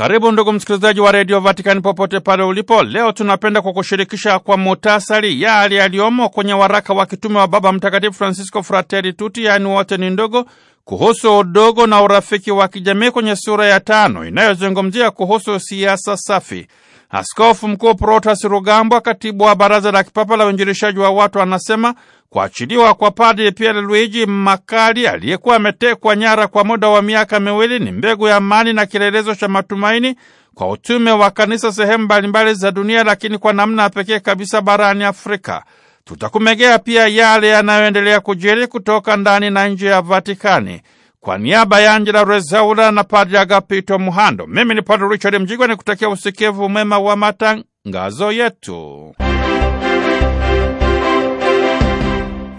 Karibu ndugu msikilizaji wa redio Vatikani popote pale ulipo. Leo tunapenda kukushirikisha kwa mutasari yale yaliyomo kwenye waraka wa kitume wa Baba Mtakatifu Francisco frateri tuti yaani wote ni ndogo, kuhusu udogo na urafiki wa kijamii kwenye sura ya tano inayozungumzia kuhusu siasa safi. Askofu Mkuu Protas Rugambwa, katibu wa Baraza la Kipapa la uinjirishaji wa Watu, anasema Kuachiliwa kwa Padri Pierre Luigi Makali aliyekuwa ametekwa nyara kwa muda wa miaka miwili ni mbegu ya amani na kielelezo cha matumaini kwa utume wa kanisa sehemu mbalimbali za dunia, lakini kwa namna pekee kabisa barani Afrika. Tutakumegea pia yale yanayoendelea kujiri kutoka ndani na nje ya Vatikani. Kwa niaba ya Angela Rezaula na Padri Agapito Muhando, mimi ni Padri Richard Mjigwa, nikutakia usikivu mwema wa matangazo yetu.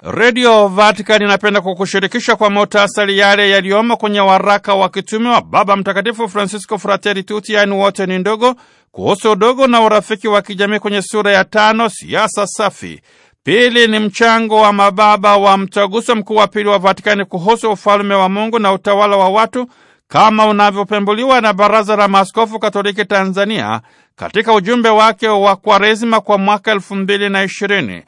Redio Vatikani inapenda kukushirikisha kwa motasari yale yaliyomo kwenye waraka wa kitume wa Baba Mtakatifu Francisco frateri Tuti, yaani wote ni ndogo, kuhusu udogo na urafiki wa kijamii kwenye sura ya tano, siasa safi. Pili ni mchango wa mababa wa Mtaguso Mkuu wa Pili wa Vatikani kuhusu ufalme wa Mungu na utawala wa watu kama unavyopembuliwa na Baraza la Maaskofu Katoliki Tanzania katika ujumbe wake wa Kwaresima kwa mwaka elfu mbili na ishirini.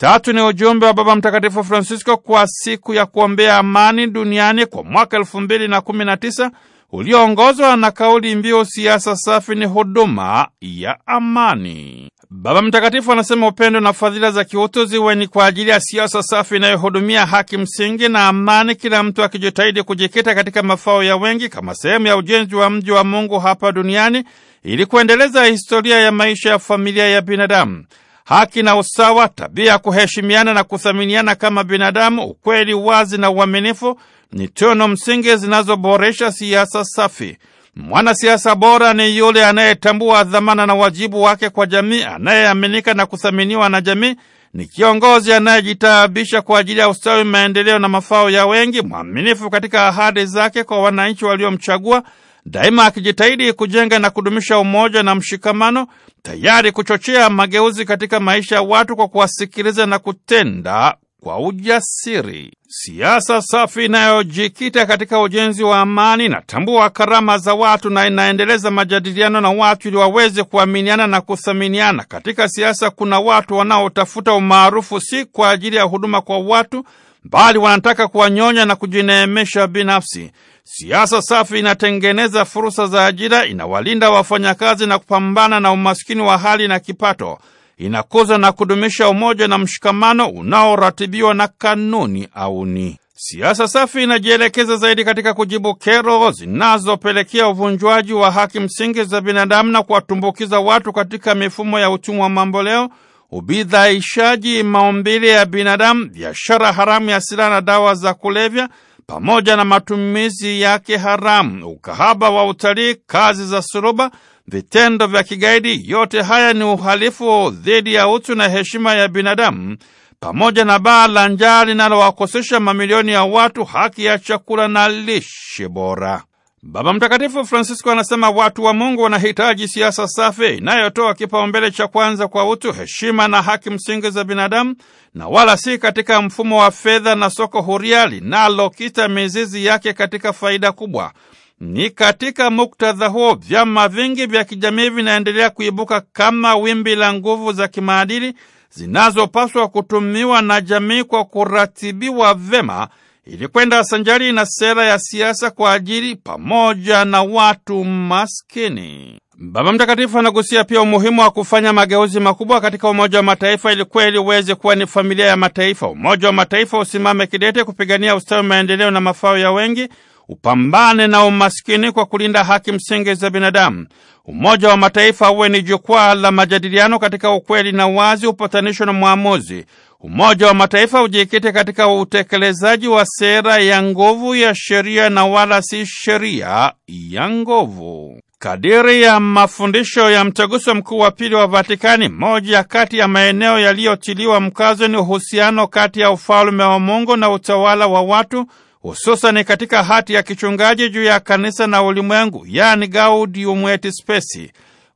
Tatu ni ujumbe wa Baba Mtakatifu Francisco kwa siku ya kuombea amani duniani kwa mwaka elfu mbili na kumi na tisa ulioongozwa na kauli mbiu siasa safi ni huduma ya amani. Baba Mtakatifu anasema upendo na fadhila za kiutu ziwe ni kwa ajili ya siasa safi inayohudumia haki msingi na amani, kila mtu akijitahidi kujikita katika mafao ya wengi kama sehemu ya ujenzi wa mji wa Mungu hapa duniani ili kuendeleza historia ya maisha ya familia ya binadamu haki na usawa, tabia ya kuheshimiana na kuthaminiana kama binadamu, ukweli, wazi na uaminifu ni tono msingi zinazoboresha siasa safi. Mwanasiasa bora ni yule anayetambua dhamana na wajibu wake kwa jamii, anayeaminika na kuthaminiwa na jamii. Ni kiongozi anayejitaabisha kwa ajili ya ustawi, maendeleo na mafao ya wengi, mwaminifu katika ahadi zake kwa wananchi waliomchagua daima akijitahidi kujenga na kudumisha umoja na mshikamano, tayari kuchochea mageuzi katika maisha ya watu kwa kuwasikiliza na kutenda kwa ujasiri. Siasa safi inayojikita katika ujenzi wa amani, inatambua karama za watu na inaendeleza majadiliano na watu ili waweze kuaminiana na kuthaminiana. Katika siasa kuna watu wanaotafuta umaarufu si kwa ajili ya huduma kwa watu bali wanataka kuwanyonya na kujineemesha binafsi. Siasa safi inatengeneza fursa za ajira, inawalinda wafanyakazi na kupambana na umaskini wa hali na kipato, inakuza na kudumisha umoja na mshikamano unaoratibiwa na kanuni auni. Siasa safi inajielekeza zaidi katika kujibu kero zinazopelekea uvunjwaji wa haki msingi za binadamu na kuwatumbukiza watu katika mifumo ya uchumi wa mamboleo ubidhaishaji, maumbile ya binadamu, biashara haramu ya silaha na dawa za kulevya pamoja na matumizi yake haramu, ukahaba wa utalii, kazi za suruba, vitendo vya kigaidi, yote haya ni uhalifu dhidi ya utu na heshima ya binadamu, pamoja na baa la njaa linalowakosesha mamilioni ya watu haki ya chakula na lishe bora. Baba Mtakatifu Francisco anasema watu wa Mungu wanahitaji siasa safi inayotoa kipaumbele cha kwanza kwa utu, heshima na haki msingi za binadamu, na wala si katika mfumo wa fedha na soko huria linalokita mizizi yake katika faida kubwa. Ni katika muktadha huo vyama vingi vya kijamii vinaendelea kuibuka kama wimbi la nguvu za kimaadili zinazopaswa kutumiwa na jamii kwa kuratibiwa vema ili kwenda sanjari na sera ya siasa kwa ajili pamoja na watu maskini. Baba Mtakatifu anagusia pia umuhimu wa kufanya mageuzi makubwa katika Umoja wa Mataifa ili kweli uweze kuwa ni familia ya mataifa. Umoja wa Mataifa usimame kidete kupigania ustawi, maendeleo na mafao ya wengi, upambane na umaskini kwa kulinda haki msingi za binadamu. Umoja wa Mataifa uwe ni jukwaa la majadiliano katika ukweli na wazi, upatanisho na mwamuzi. Umoja wa Mataifa ujikite katika utekelezaji wa sera ya nguvu ya sheria na wala si sheria ya nguvu. Kadiri ya mafundisho ya Mtaguso Mkuu wa Pili wa Vatikani, moja kati ya maeneo yaliyotiliwa mkazo ni uhusiano kati ya ufalume wa Mungu na utawala wa watu, hususan katika hati ya kichungaji juu ya kanisa na ulimwengu, yaani Gaudium et Spes.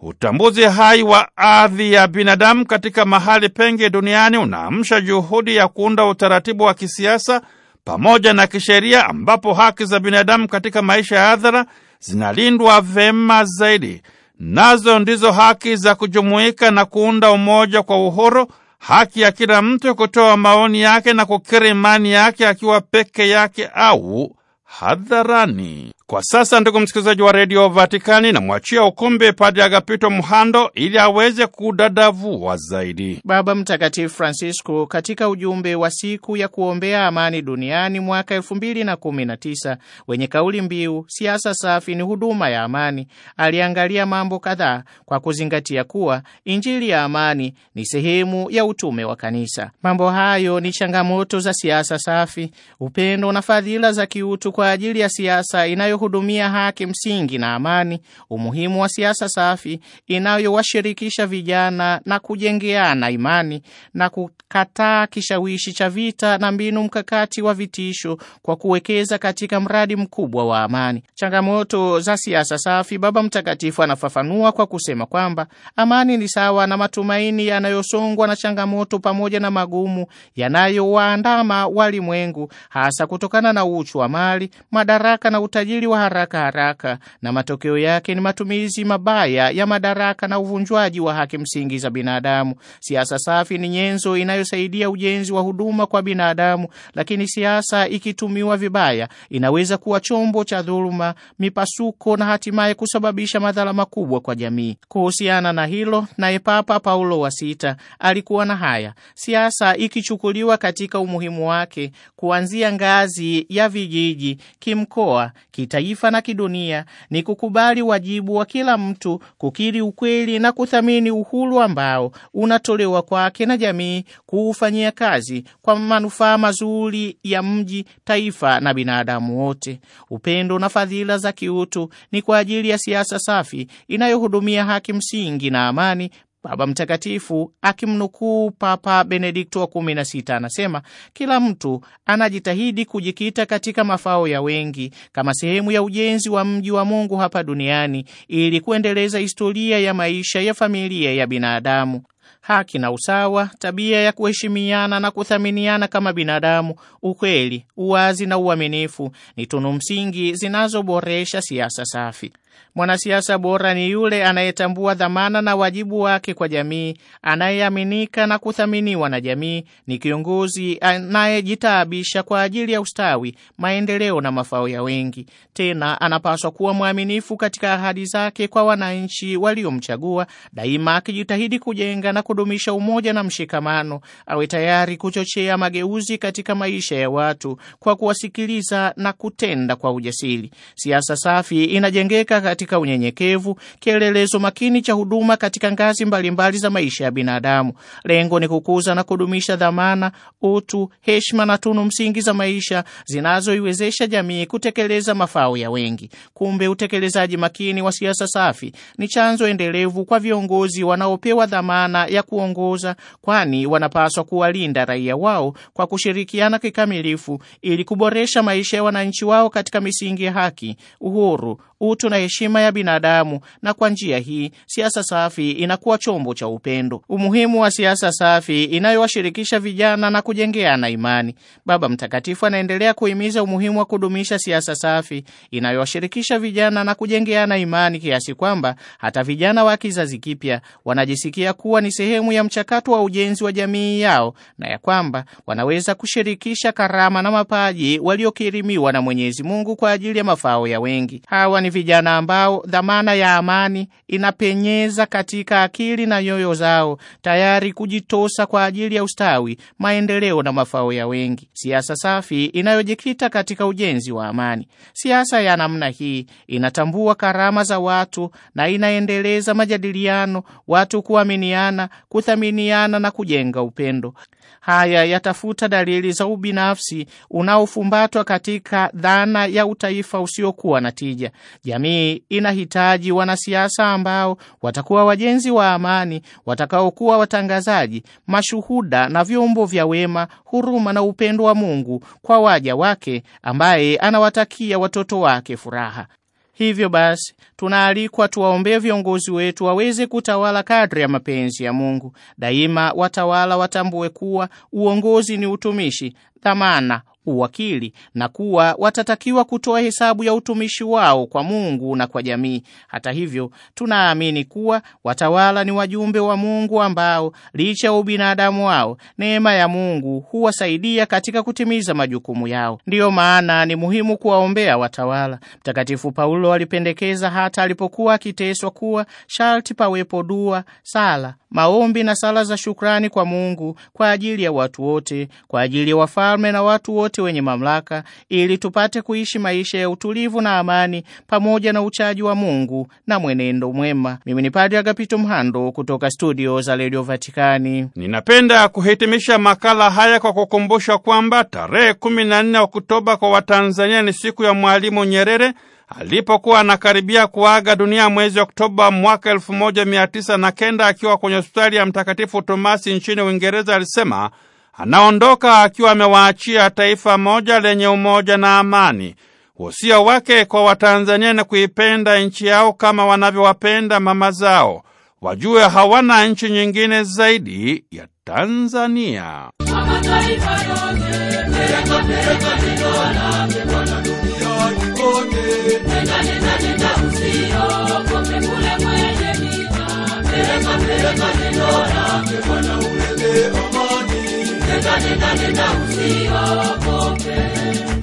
Utambuzi hai wa ardhi ya binadamu katika mahali penge duniani unaamsha juhudi ya kuunda utaratibu wa kisiasa pamoja na kisheria ambapo haki za binadamu katika maisha ya hadhara zinalindwa vema zaidi. Nazo ndizo haki za kujumuika na kuunda umoja kwa uhuru, haki ya kila mtu kutoa maoni yake na kukiri imani yake akiwa peke yake au hadharani. Kwa sasa, ndugu msikilizaji wa redio Vatikani, namwachia ukumbi Padre Agapito Mhando ili aweze kudadavua zaidi. Baba Mtakatifu Francisco katika ujumbe wa siku ya kuombea amani duniani mwaka elfu mbili na kumi na tisa wenye kauli mbiu siasa safi ni huduma ya amani, aliangalia mambo kadhaa kwa kuzingatia kuwa Injili ya amani ni sehemu ya utume wa Kanisa. Mambo hayo ni changamoto za siasa safi, upendo na fadhila za kiutu kwa ajili ya siasa inayo inayohudumia haki msingi na amani, umuhimu wa siasa safi inayowashirikisha vijana na kujengeana imani na kukataa kishawishi cha vita na mbinu mkakati wa vitisho kwa kuwekeza katika mradi mkubwa wa amani. Changamoto za siasa safi, Baba Mtakatifu anafafanua kwa kusema kwamba amani ni sawa na matumaini yanayosongwa na changamoto pamoja na magumu yanayowaandama walimwengu, hasa kutokana na uchu wa mali, madaraka na utajiri wa haraka haraka, na matokeo yake ni matumizi mabaya ya madaraka na uvunjwaji wa haki msingi za binadamu. Siasa safi ni nyenzo inayosaidia ujenzi wa huduma kwa binadamu, lakini siasa ikitumiwa vibaya inaweza kuwa chombo cha dhuluma, mipasuko na hatimaye kusababisha madhara makubwa kwa jamii. Kuhusiana na hilo, naye Papa Paulo wa Sita alikuwa na haya: siasa ikichukuliwa katika umuhimu wake, kuanzia ngazi ya vijiji, kimkoa, kita kitaifa na kidunia ni kukubali wajibu wa kila mtu kukiri ukweli na kuthamini uhuru ambao unatolewa kwake na jamii, kuufanyia kazi kwa manufaa mazuri ya mji, taifa na binadamu wote. Upendo na fadhila za kiutu ni kwa ajili ya siasa safi inayohudumia haki msingi na amani Baba Mtakatifu akimnukuu Papa Benedikto wa 16 anasema, kila mtu anajitahidi kujikita katika mafao ya wengi kama sehemu ya ujenzi wa mji wa Mungu hapa duniani ili kuendeleza historia ya maisha ya familia ya binadamu. Haki na usawa, tabia ya kuheshimiana na kuthaminiana kama binadamu, ukweli, uwazi na uaminifu ni tunu msingi zinazoboresha siasa safi. Mwanasiasa bora ni yule anayetambua dhamana na wajibu wake kwa jamii, anayeaminika na kuthaminiwa na jamii, ni kiongozi anayejitaabisha kwa ajili ya ustawi, maendeleo na mafao ya wengi. Tena anapaswa kuwa mwaminifu katika ahadi zake kwa wananchi waliomchagua, daima akijitahidi kujenga na kudumisha umoja na mshikamano. Awe tayari kuchochea mageuzi katika maisha ya watu kwa kuwasikiliza na kutenda kwa ujasiri. Siasa safi inajengeka katika unyenyekevu, kielelezo makini cha huduma katika ngazi mbalimbali mbali za maisha ya binadamu. Lengo ni kukuza na kudumisha dhamana, utu, heshima na tunu msingi za maisha zinazoiwezesha jamii kutekeleza mafao ya wengi. Kumbe utekelezaji makini wa siasa safi ni chanzo endelevu kwa viongozi wanaopewa dhamana ya kuongoza, kwani wanapaswa kuwalinda raia wao kwa kushirikiana kikamilifu ili kuboresha maisha ya wananchi wao katika misingi ya haki, uhuru, utu na heshima ya binadamu, na kwa njia hii siasa safi inakuwa chombo cha upendo. Umuhimu wa siasa safi inayowashirikisha vijana na kujengeana imani. Baba Mtakatifu anaendelea kuhimiza umuhimu wa kudumisha siasa safi inayowashirikisha vijana na kujengeana imani, kiasi kwamba hata vijana wa kizazi kipya wanajisikia kuwa ni sehemu ya mchakato wa ujenzi wa jamii yao na ya kwamba wanaweza kushirikisha karama na mapaji waliokirimiwa na Mwenyezi Mungu kwa ajili ya mafao ya wengi. Hawa ni vijana ambao dhamana ya amani inapenyeza katika akili na nyoyo zao, tayari kujitosa kwa ajili ya ustawi, maendeleo na mafao ya wengi. Siasa safi inayojikita katika ujenzi wa amani. Siasa ya namna hii inatambua karama za watu na inaendeleza majadiliano, watu kuaminiana, kuthaminiana na kujenga upendo. Haya yatafuta dalili za ubinafsi unaofumbatwa katika dhana ya utaifa usiokuwa na tija. Jamii inahitaji wanasiasa ambao watakuwa wajenzi wa amani, watakaokuwa watangazaji, mashuhuda na vyombo vya wema, huruma na upendo wa Mungu kwa waja wake, ambaye anawatakia watoto wake furaha. Hivyo basi tunaalikwa tuwaombee viongozi wetu waweze kutawala kadri ya mapenzi ya Mungu. Daima watawala watambue kuwa uongozi ni utumishi, dhamana, uwakili na kuwa watatakiwa kutoa hesabu ya utumishi wao kwa Mungu na kwa jamii. Hata hivyo, tunaamini kuwa watawala ni wajumbe wa Mungu ambao licha ya ubinadamu wao, neema ya Mungu huwasaidia katika kutimiza majukumu yao. Ndiyo maana ni muhimu kuwaombea watawala. Mtakatifu Paulo alipendekeza hata alipokuwa akiteswa kuwa sharti pawepo dua, sala, maombi na sala za shukrani kwa Mungu kwa ajili ya watu wote, kwa ajili ya wafalme na watu wote wote wenye mamlaka, ili tupate kuishi maisha ya utulivu na amani pamoja na uchaji wa Mungu na mwenendo mwema. Mimi ni Padre Agapito Mhando kutoka studio za redio Vatikani. Ninapenda kuhitimisha makala haya kwa kukumbusha kwamba tarehe 14 Oktoba kwa Watanzania ni siku ya Mwalimu Nyerere alipokuwa anakaribia kuaga dunia mwezi Oktoba mwaka elfu moja mia tisa na kenda akiwa kwenye hospitali ya Mtakatifu Tomasi nchini Uingereza, alisema anaondoka akiwa amewaachia taifa moja lenye umoja na amani. Wosia wake kwa Watanzania ni kuipenda nchi yao kama wanavyowapenda mama zao, wajue hawana nchi nyingine zaidi ya Tanzania.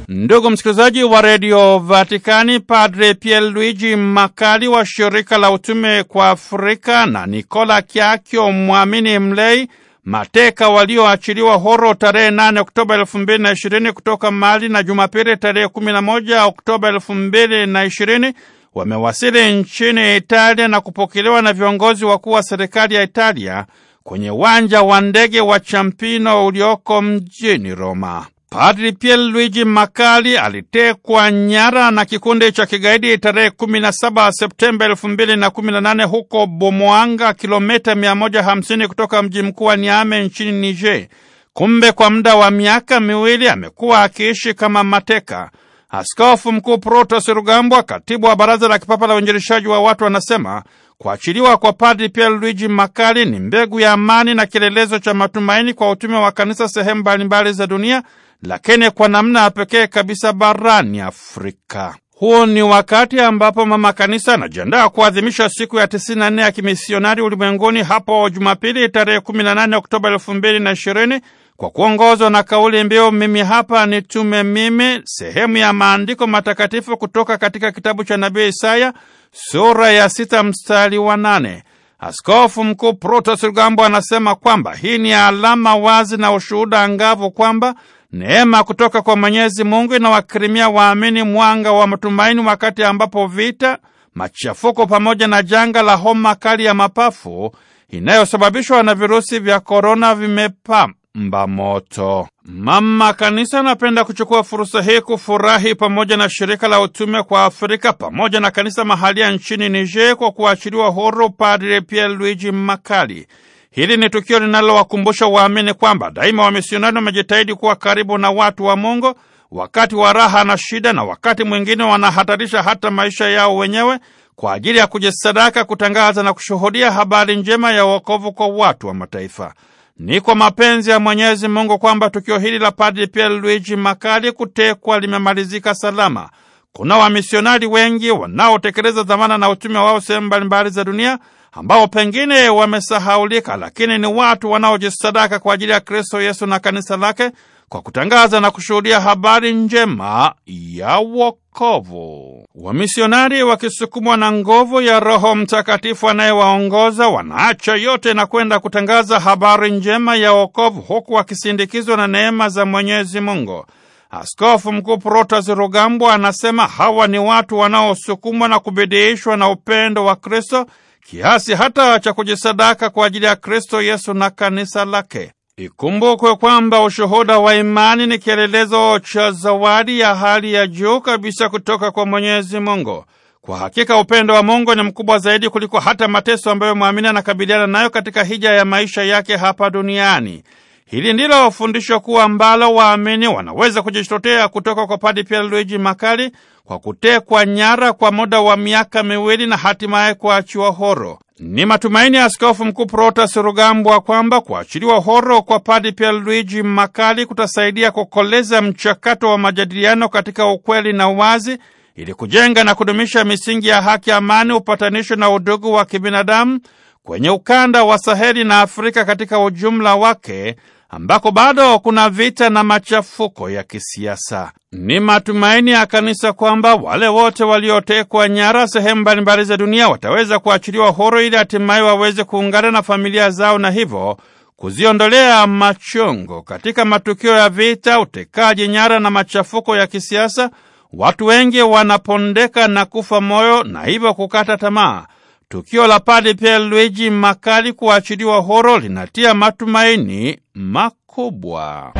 Ndugu msikilizaji wa redio Vatikani, Padre luigi Makali wa shirika la utume kwa Afrika na Nikola Kiakio mwamini mlei mateka walioachiliwa horo tarehe 8 Oktoba 2020 kutoka Mali na Jumapili tarehe 11 Oktoba 2020 wamewasili nchini Italia na kupokelewa na viongozi wakuu wa serikali ya Italia kwenye uwanja wa ndege wa Champino ulioko mjini Roma. Padri Pierluigi Makali alitekwa nyara na kikundi cha kigaidi tarehe 17 Septemba 2018 huko Bomoanga, kilomita 150 kutoka mji mkuu wa Niame nchini Niger. Kumbe kwa muda wa miaka miwili amekuwa akiishi kama mateka. Askofu Mkuu Protos Rugambwa, katibu wa Baraza la Kipapa la Uinjilishaji wa Watu, anasema Kuachiliwa kwa Padri luigi Makali ni mbegu ya amani na kielelezo cha matumaini kwa utume wa kanisa sehemu mbalimbali za dunia, lakini kwa namna ya pekee kabisa barani Afrika. Huu ni wakati ambapo mama kanisa anajiandaa kuadhimisha siku ya 94 ya kimisionari ulimwenguni hapo Jumapili tarehe 18 Oktoba 2020 kwa kuongozwa na kauli mbiu mimi hapa nitume mimi, sehemu ya maandiko matakatifu kutoka katika kitabu cha nabii Isaya sura ya sita mstari wa nane. Askofu Mkuu Protas Rugambwa anasema kwamba hii ni alama wazi na ushuhuda angavu kwamba Neema kutoka kwa Mwenyezi Mungu inawakirimia waamini mwanga wa matumaini wakati ambapo vita, machafuko pamoja na janga la homa kali ya mapafu inayosababishwa na virusi vya korona vimepamba moto. Mama Kanisa anapenda kuchukua fursa hii kufurahi pamoja na shirika la utume kwa Afrika pamoja na kanisa mahalia nchini Niger kwa kuachiliwa huru Padre Pierre Luigi Makali. Hili ni tukio linalowakumbusha waamini kwamba daima wamisionari wamejitahidi kuwa karibu na watu wa Mungu wakati wa raha na shida, na wakati mwingine wanahatarisha hata maisha yao wenyewe kwa ajili ya kujisadaka, kutangaza na kushuhudia habari njema ya wokovu kwa watu wa mataifa. Ni kwa mapenzi ya Mwenyezi Mungu kwamba tukio hili la Padre luiji Makali kutekwa limemalizika salama. Kuna wamisionari wengi wanaotekeleza dhamana na utume wao sehemu mbalimbali za dunia ambao pengine wamesahaulika, lakini ni watu wanaojisadaka kwa ajili ya Kristo Yesu na kanisa lake kwa kutangaza na kushuhudia habari njema ya wokovu. Wamisionari wakisukumwa na nguvu ya Roho Mtakatifu anayewaongoza wanaacha yote na kwenda kutangaza habari njema ya wokovu, huku wakisindikizwa na neema za Mwenyezi Mungu. Askofu Mkuu Protas Rugambwa anasema hawa ni watu wanaosukumwa na kubidiishwa na upendo wa Kristo kiasi hata cha kujisadaka kwa ajili ya Kristo Yesu na kanisa lake. Ikumbukwe kwamba ushuhuda wa imani ni kielelezo cha zawadi ya hali ya juu kabisa kutoka kwa Mwenyezi Mungu. Kwa hakika upendo wa Mungu ni mkubwa zaidi kuliko hata mateso ambayo mwamini anakabiliana nayo katika hija ya maisha yake hapa duniani. Hili ndilo fundisho kuu ambalo waamini wanaweza kujitetea kutoka kwa Padi Pier Luigi Makali kwa kutekwa nyara kwa muda wa miaka miwili na hatimaye kuachiwa horo. Ni matumaini ya Askofu Mkuu Protas Rugambwa kwamba kuachiliwa horo kwa Padi Pier Luigi Makali kutasaidia kukoleza mchakato wa majadiliano katika ukweli na uwazi ili kujenga na kudumisha misingi ya haki, amani, upatanisho na udugu wa kibinadamu kwenye ukanda wa Saheli na Afrika katika ujumla wake ambako bado kuna vita na machafuko ya kisiasa. Ni matumaini ya kanisa kwamba wale wote waliotekwa nyara sehemu mbalimbali za dunia wataweza kuachiliwa huru ili hatimaye waweze kuungana na familia zao na hivyo kuziondolea machongo. Katika matukio ya vita, utekaji nyara na machafuko ya kisiasa, watu wengi wanapondeka na kufa moyo na hivyo kukata tamaa. Tukio la Padre Pierre Makali kuachiliwa horo linatia matumaini makubwa.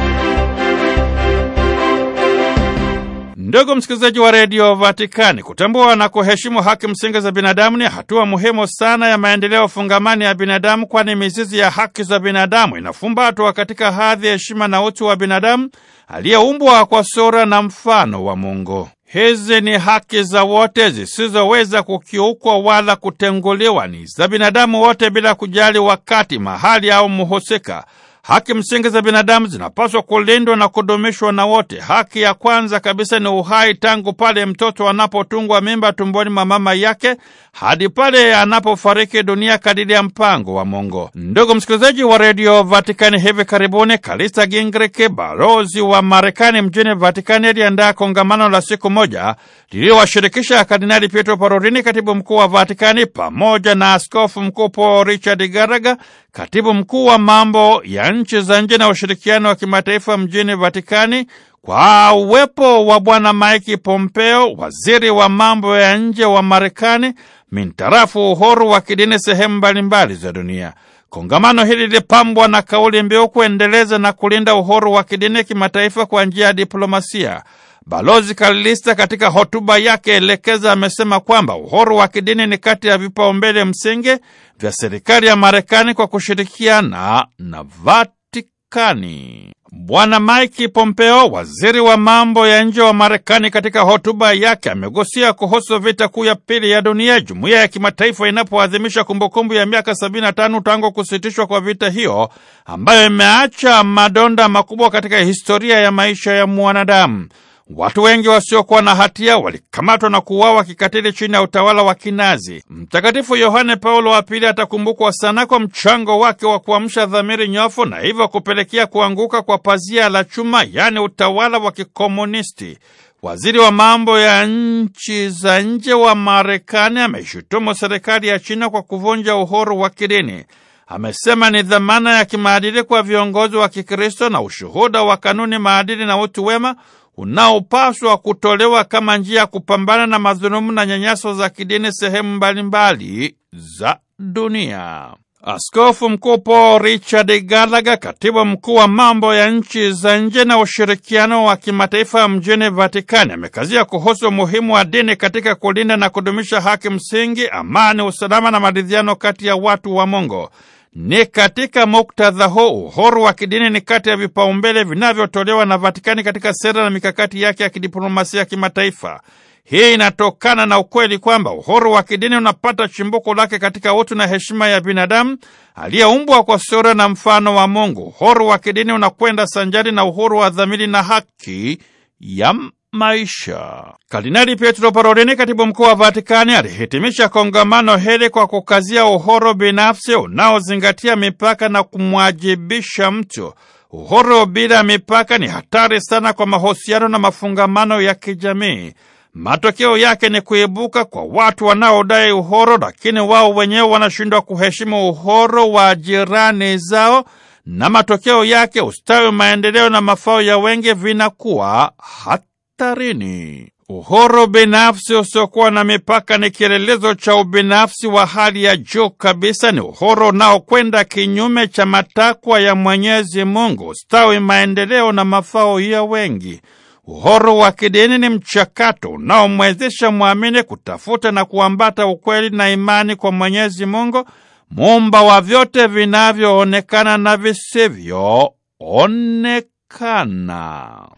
Ndugu msikilizaji wa redio Vatikani, kutambua na kuheshimu haki msingi za binadamu ni hatua muhimu sana ya maendeleo fungamani ya binadamu, kwani mizizi ya haki za binadamu inafumbatwa katika hadhi, heshima na utu wa binadamu aliyeumbwa kwa sura na mfano wa Mungu. Hizi ni haki za wote zisizoweza kukiukwa wala kutenguliwa, ni za binadamu wote bila kujali wakati, mahali au mhusika. Haki msingi za binadamu zinapaswa kulindwa na kudumishwa na wote. Haki ya kwanza kabisa ni uhai, tangu pale mtoto anapotungwa mimba tumboni mwa mama yake hadi pale anapofariki dunia kadiri ya mpango wa Mungu. Ndugu msikilizaji wa redio Vatikani, hivi karibuni Kalista Gingrich, balozi wa Marekani mjini Vatikani, aliandaa kongamano la siku moja lililowashirikisha Kardinali Pietro parorini katibu mkuu wa Vatikani, pamoja na askofu mkuu Paul Richard Garaga katibu mkuu wa mambo ya nchi za nje na ushirikiano wa kimataifa mjini Vatikani kwa uwepo wa Bwana Mike Pompeo, waziri wa mambo ya nje wa Marekani, mintarafu uhuru wa kidini sehemu mbalimbali za dunia. Kongamano hili lilipambwa na kauli mbiu kuendeleza na kulinda uhuru wa kidini kimataifa kwa njia ya diplomasia. Balozi Kalista katika hotuba yake elekeza amesema kwamba uhuru wa kidini ni kati ya vipaumbele msingi vya serikali ya Marekani kwa kushirikiana na Vatikani. Bwana Mike Pompeo, waziri wa mambo ya nje wa Marekani, katika hotuba yake amegusia kuhusu vita kuu ya pili ya dunia, jumuiya ya kimataifa inapoadhimisha kumbukumbu ya miaka 75 tangu kusitishwa kwa vita hiyo ambayo imeacha madonda makubwa katika historia ya maisha ya mwanadamu. Watu wengi wasiokuwa na hatia walikamatwa na kuuawa kikatili chini ya utawala wa Kinazi. Mtakatifu Yohane Paulo wa Pili atakumbukwa sana kwa mchango wake wa kuamsha dhamiri nyofu na hivyo kupelekea kuanguka kwa pazia la chuma, yaani utawala wa kikomunisti. Waziri wa mambo ya nchi za nje wa Marekani ameshutumu serikali ya China kwa kuvunja uhuru wa kidini. Amesema ni dhamana ya kimaadili kwa viongozi wa Kikristo na ushuhuda wa kanuni, maadili na utu wema unaopaswa kutolewa kama njia ya kupambana na madhulumu na nyanyaso za kidini sehemu mbalimbali za dunia. Askofu Mkuu Paul Richard Gallagher, katibu mkuu wa mambo ya nchi za nje na ushirikiano wa kimataifa mjini Vatikani, amekazia kuhusu umuhimu wa dini katika kulinda na kudumisha haki msingi, amani, usalama na maridhiano kati ya watu wa Mungu. Ni katika muktadha huu uhuru wa kidini ni kati ya vipaumbele vinavyotolewa na Vatikani katika sera na mikakati yake ya kidiplomasia ya kimataifa. Hii inatokana na ukweli kwamba uhuru wa kidini unapata chimbuko lake katika utu na heshima ya binadamu aliyeumbwa kwa sura na mfano wa Mungu. Uhuru wa kidini unakwenda sanjari na uhuru wa dhamiri na haki ya maisha. Kardinali Pietro Parolini, katibu mkuu wa Vatikani, alihitimisha kongamano hili kwa kukazia uhoro binafsi unaozingatia mipaka na kumwajibisha mtu. Uhuru bila mipaka ni hatari sana kwa mahusiano na mafungamano ya kijamii. Matokeo yake ni kuibuka kwa watu wanaodai uhuru, lakini wao wenyewe wanashindwa kuheshimu uhuru wa jirani zao, na matokeo yake ustawi, maendeleo na mafao ya wengi vinakuwa hata hatarini. Uhuru binafsi usiokuwa na mipaka ni kielelezo cha ubinafsi wa hali ya juu kabisa. Ni uhuru unaokwenda kinyume cha matakwa ya Mwenyezi Mungu, ustawi, maendeleo na mafao ya wengi. Uhuru wa kidini ni mchakato unaomwezesha mwamini kutafuta na kuambata ukweli na imani kwa Mwenyezi Mungu, muumba wa vyote vinavyoonekana na visivyoonekana.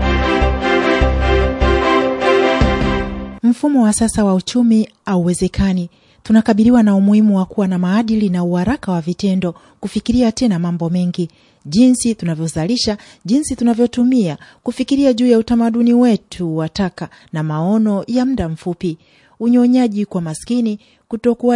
Mfumo wa sasa wa uchumi hauwezekani. Tunakabiliwa na umuhimu wa kuwa na maadili na uharaka wa vitendo, kufikiria tena mambo mengi, jinsi tunavyozalisha, jinsi tunavyotumia, kufikiria juu ya utamaduni wetu wa taka na maono ya muda mfupi, unyonyaji kwa maskini,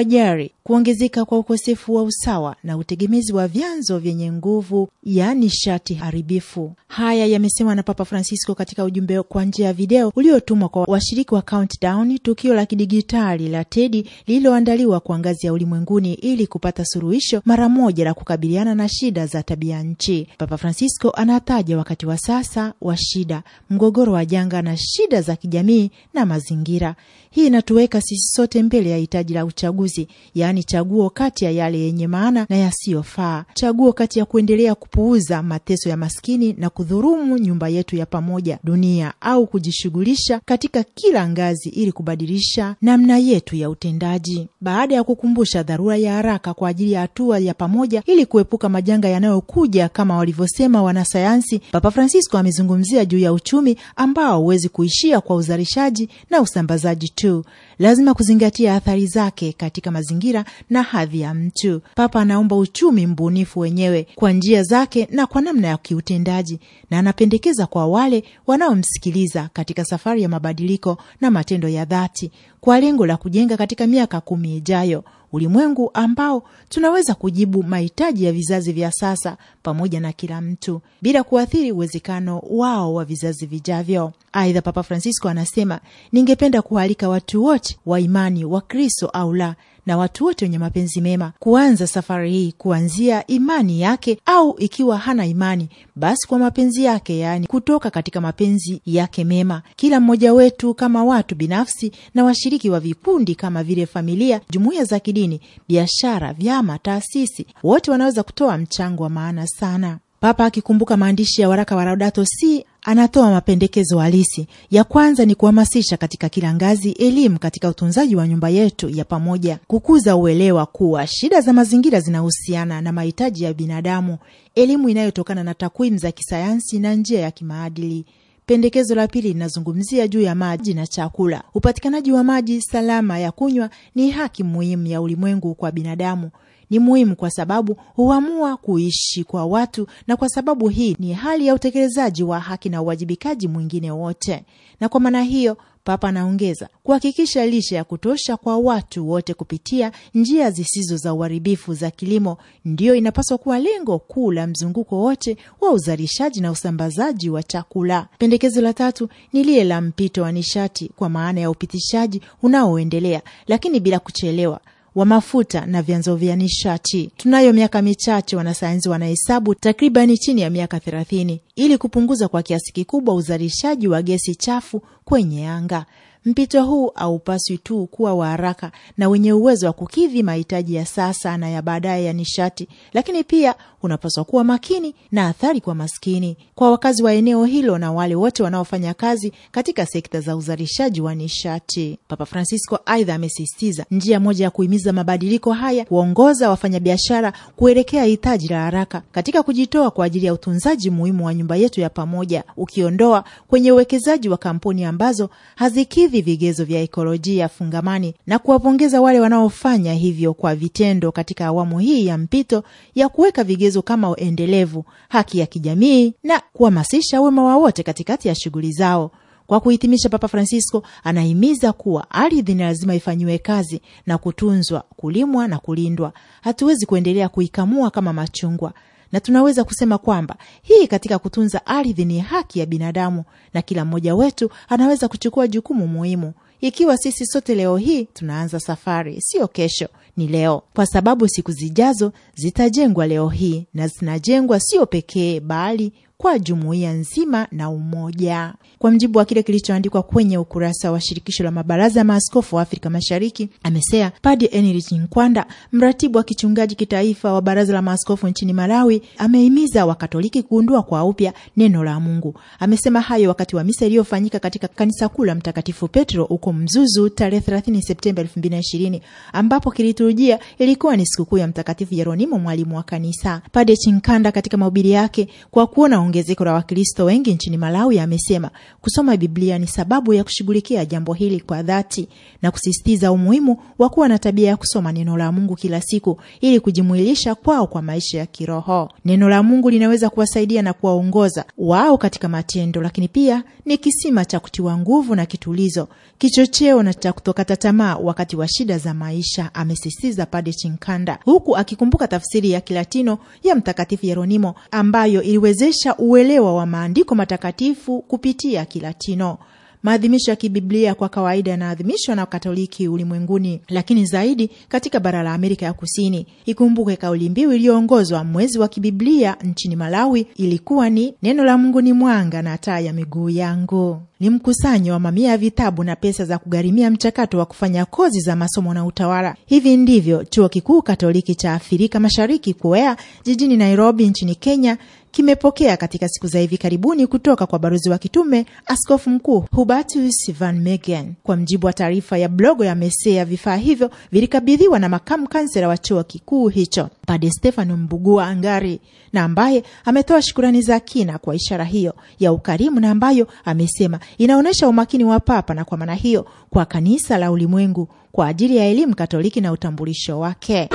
jari kuongezeka kwa ukosefu wa usawa na utegemezi wa vyanzo vyenye nguvu ya nishati haribifu. Haya yamesemwa na Papa Francisco katika ujumbe kwa njia ya video uliotumwa kwa washiriki wa Countdown, tukio la kidigitali la TEDi lililoandaliwa kwa ngazi ya ulimwenguni ili kupata suluhisho mara moja la kukabiliana na shida za tabia nchi. Papa Francisco anataja wakati wa sasa wa shida, mgogoro wa janga na shida za kijamii na mazingira. Hii inatuweka sisi sote mbele ya hitaji la uchaguzi, yaani chaguo kati ya yale yenye maana na yasiyofaa, chaguo kati ya kuendelea kupuuza mateso ya maskini na kudhurumu nyumba yetu ya pamoja dunia, au kujishughulisha katika kila ngazi ili kubadilisha namna yetu ya utendaji. Baada ya kukumbusha dharura ya haraka kwa ajili ya hatua ya pamoja ili kuepuka majanga yanayokuja, kama walivyosema wanasayansi, Papa Francisco amezungumzia juu ya uchumi ambao huwezi kuishia kwa uzalishaji na usambazaji tu, lazima kuzingatia athari zake zake katika mazingira na hadhi ya mtu. Papa anaomba uchumi mbunifu wenyewe kwa njia zake na kwa namna ya kiutendaji, na anapendekeza kwa wale wanaomsikiliza katika safari ya mabadiliko na matendo ya dhati kwa lengo la kujenga katika miaka kumi ijayo ulimwengu ambao tunaweza kujibu mahitaji ya vizazi vya sasa pamoja na kila mtu bila kuathiri uwezekano wao wa vizazi vijavyo. Aidha, Papa Francisco anasema, ningependa kualika watu wote wa imani wa Kristo au la na watu wote wenye mapenzi mema kuanza safari hii kuanzia imani yake, au ikiwa hana imani, basi kwa mapenzi yake, yaani kutoka katika mapenzi yake mema. Kila mmoja wetu kama watu binafsi na washiriki wa vikundi kama vile familia, jumuiya za kidini, biashara, vyama, taasisi, wote wanaweza kutoa mchango wa maana sana. Papa akikumbuka maandishi ya waraka wa Laudato Si anatoa mapendekezo halisi. Ya kwanza ni kuhamasisha katika kila ngazi elimu katika utunzaji wa nyumba yetu ya pamoja, kukuza uelewa kuwa shida za mazingira zinahusiana na mahitaji ya binadamu, elimu inayotokana na takwimu za kisayansi na njia ya kimaadili. Pendekezo la pili linazungumzia juu ya maji na chakula. Upatikanaji wa maji salama ya kunywa ni haki muhimu ya ulimwengu kwa binadamu ni muhimu kwa sababu huamua kuishi kwa watu, na kwa sababu hii ni hali ya utekelezaji wa haki na uwajibikaji mwingine wote. Na kwa maana hiyo, Papa anaongeza kuhakikisha lishe ya kutosha kwa watu wote kupitia njia zisizo za uharibifu za kilimo ndiyo inapaswa kuwa lengo kuu la mzunguko wote wa uzalishaji na usambazaji wa chakula. Pendekezo la tatu ni lile la mpito wa nishati, kwa maana ya upitishaji unaoendelea, lakini bila kuchelewa wa mafuta na vyanzo vya nishati. Tunayo miaka michache, wanasayansi wanahesabu takribani chini ya miaka thelathini, ili kupunguza kwa kiasi kikubwa uzalishaji wa gesi chafu kwenye anga. Mpito huu haupaswi tu kuwa wa haraka na wenye uwezo wa kukidhi mahitaji ya sasa na ya baadaye ya nishati, lakini pia unapaswa kuwa makini na athari kwa maskini, kwa wakazi wa eneo hilo na wale wote wanaofanya kazi katika sekta za uzalishaji wa nishati. Papa Francisco aidha amesisitiza njia moja ya kuhimiza mabadiliko haya kuongoza wafanyabiashara kuelekea hitaji la haraka katika kujitoa kwa ajili ya utunzaji muhimu wa nyumba yetu ya pamoja, ukiondoa kwenye uwekezaji wa kampuni ambazo hazikidhi kukidhi vigezo vya ekolojia fungamani na kuwapongeza wale wanaofanya hivyo kwa vitendo katika awamu hii ya mpito ya kuweka vigezo kama uendelevu haki ya kijamii na kuhamasisha wema wa wote katikati ya shughuli zao. Kwa kuhitimisha, Papa Francisco anahimiza kuwa ardhi ni lazima ifanyiwe kazi na kutunzwa, kulimwa na kulindwa. Hatuwezi kuendelea kuikamua kama machungwa na tunaweza kusema kwamba hii katika kutunza ardhi ni haki ya binadamu, na kila mmoja wetu anaweza kuchukua jukumu muhimu. Ikiwa sisi sote leo hii tunaanza safari, sio kesho, ni leo, kwa sababu siku zijazo zitajengwa leo hii, na zinajengwa sio pekee, bali kwa jumuiya nzima na umoja. Kwa mjibu wa kile kilichoandikwa kwenye ukurasa wa shirikisho la mabaraza ya maaskofu wa Afrika Mashariki, amesea Padre Enrich Nkwanda, mratibu wa kichungaji kitaifa wa baraza la maaskofu nchini Malawi, amehimiza Wakatoliki kuundua kwa upya neno la Mungu. Amesema hayo wakati wa misa iliyofanyika katika kanisa kuu la Mtakatifu Petro huko Mzuzu tarehe 30 Septemba 2020 ambapo kiliturujia ilikuwa ni sikukuu ya Mtakatifu Yeronimo, mwalimu wa kanisa. Padre Chinkanda katika mahubiri yake, kwa kuona ongezeko la Wakristo wengi nchini Malawi, amesema Kusoma Biblia ni sababu ya kushughulikia jambo hili kwa dhati na kusisitiza umuhimu wa kuwa na tabia ya kusoma neno la Mungu kila siku ili kujimwilisha kwao kwa maisha ya kiroho. Neno la Mungu linaweza kuwasaidia na kuwaongoza wao katika matendo, lakini pia ni kisima cha kutiwa nguvu na kitulizo, kichocheo na cha kutokata tamaa wakati wa shida za maisha, amesisitiza Padre Chinkanda, huku akikumbuka tafsiri ya Kilatino ya Mtakatifu Yeronimo ambayo iliwezesha uelewa wa maandiko matakatifu kupitia ya Kilatino. Maadhimisho ya kibiblia kwa kawaida yanaadhimishwa na Katoliki ulimwenguni, lakini zaidi katika bara la Amerika ya Kusini. Ikumbuke kauli mbiu iliyoongozwa mwezi wa kibiblia nchini Malawi ilikuwa ni neno la Mungu ni mwanga na taa ya miguu yangu ni mkusanyo wa mamia ya vitabu na pesa za kugharimia mchakato wa kufanya kozi za masomo na utawala. Hivi ndivyo Chuo Kikuu Katoliki cha Afrika Mashariki KUEA jijini Nairobi nchini Kenya kimepokea katika siku za hivi karibuni kutoka kwa balozi wa kitume Askofu Mkuu Hubertus Van Megen. Kwa mjibu wa taarifa ya blogo ya Mesea, vifaa hivyo vilikabidhiwa na makamu kansela wa chuo kikuu hicho Pade Stefano Mbugua Angari na ambaye ametoa shukurani za kina kwa ishara hiyo ya ukarimu na ambayo amesema inaonyesha umakini wa Papa na kwa maana hiyo kwa kanisa la ulimwengu kwa ajili ya elimu Katoliki na utambulisho wake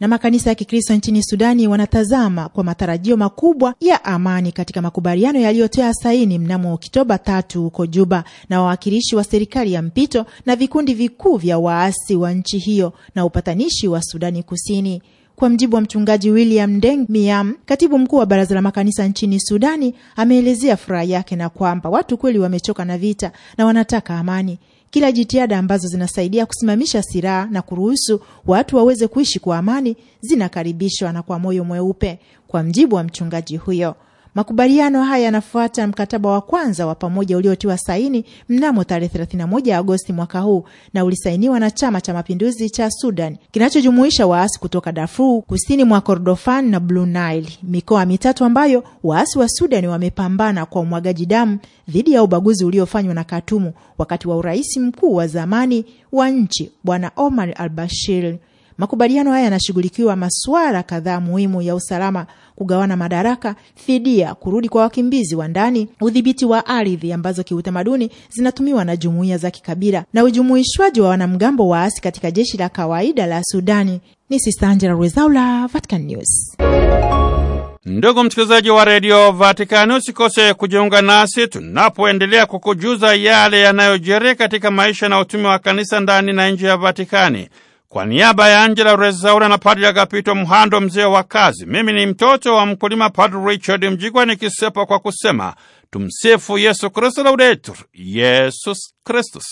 na makanisa ya Kikristo nchini Sudani wanatazama kwa matarajio makubwa ya amani katika makubaliano yaliyotoa saini mnamo Oktoba tatu huko Juba na wawakilishi wa serikali ya mpito na vikundi vikuu vya waasi wa nchi hiyo na upatanishi wa Sudani Kusini. Kwa mjibu wa mchungaji William Deng Miam, katibu mkuu wa baraza la makanisa nchini Sudani, ameelezea furaha yake na kwamba watu kweli wamechoka na vita na wanataka amani. Kila jitihada ambazo zinasaidia kusimamisha silaha na kuruhusu watu waweze kuishi kwa amani zinakaribishwa na kwa moyo mweupe, kwa mjibu wa mchungaji huyo. Makubaliano haya yanafuata mkataba wa kwanza wa pamoja uliotiwa saini mnamo tarehe 31 Agosti mwaka huu na ulisainiwa na Chama cha Mapinduzi cha Sudan kinachojumuisha waasi kutoka Darfur kusini mwa Kordofan na Blue Nile, mikoa mitatu ambayo waasi wa Sudan wamepambana kwa umwagaji damu dhidi ya ubaguzi uliofanywa na Katumu wakati wa urais mkuu wa zamani wa nchi Bwana Omar al Bashir. Makubaliano haya yanashughulikiwa masuala kadhaa muhimu ya usalama, kugawana madaraka, fidia, kurudi kwa wakimbizi wa ndani, udhibiti wa ardhi ambazo kiutamaduni zinatumiwa na jumuiya za kikabila na ujumuishwaji wa wanamgambo waasi katika jeshi la kawaida la Sudani. Ni Sista Angela Rezaula, Vatican News. Ndugu msikilizaji wa redio Vatikani, usikose kujiunga nasi tunapoendelea kukujuza yale yanayojiri katika maisha na utumi wa kanisa ndani na nje ya Vatikani. Kwa niaba ya Angela Rezaura na Padri Agapito Mhando, mzee wa kazi, mimi ni mtoto wa mkulima Padri Richard Mjigwa, nikisepa kwa kusema tumsifu Yesu Kristu, Laudetur Yesus Kristus.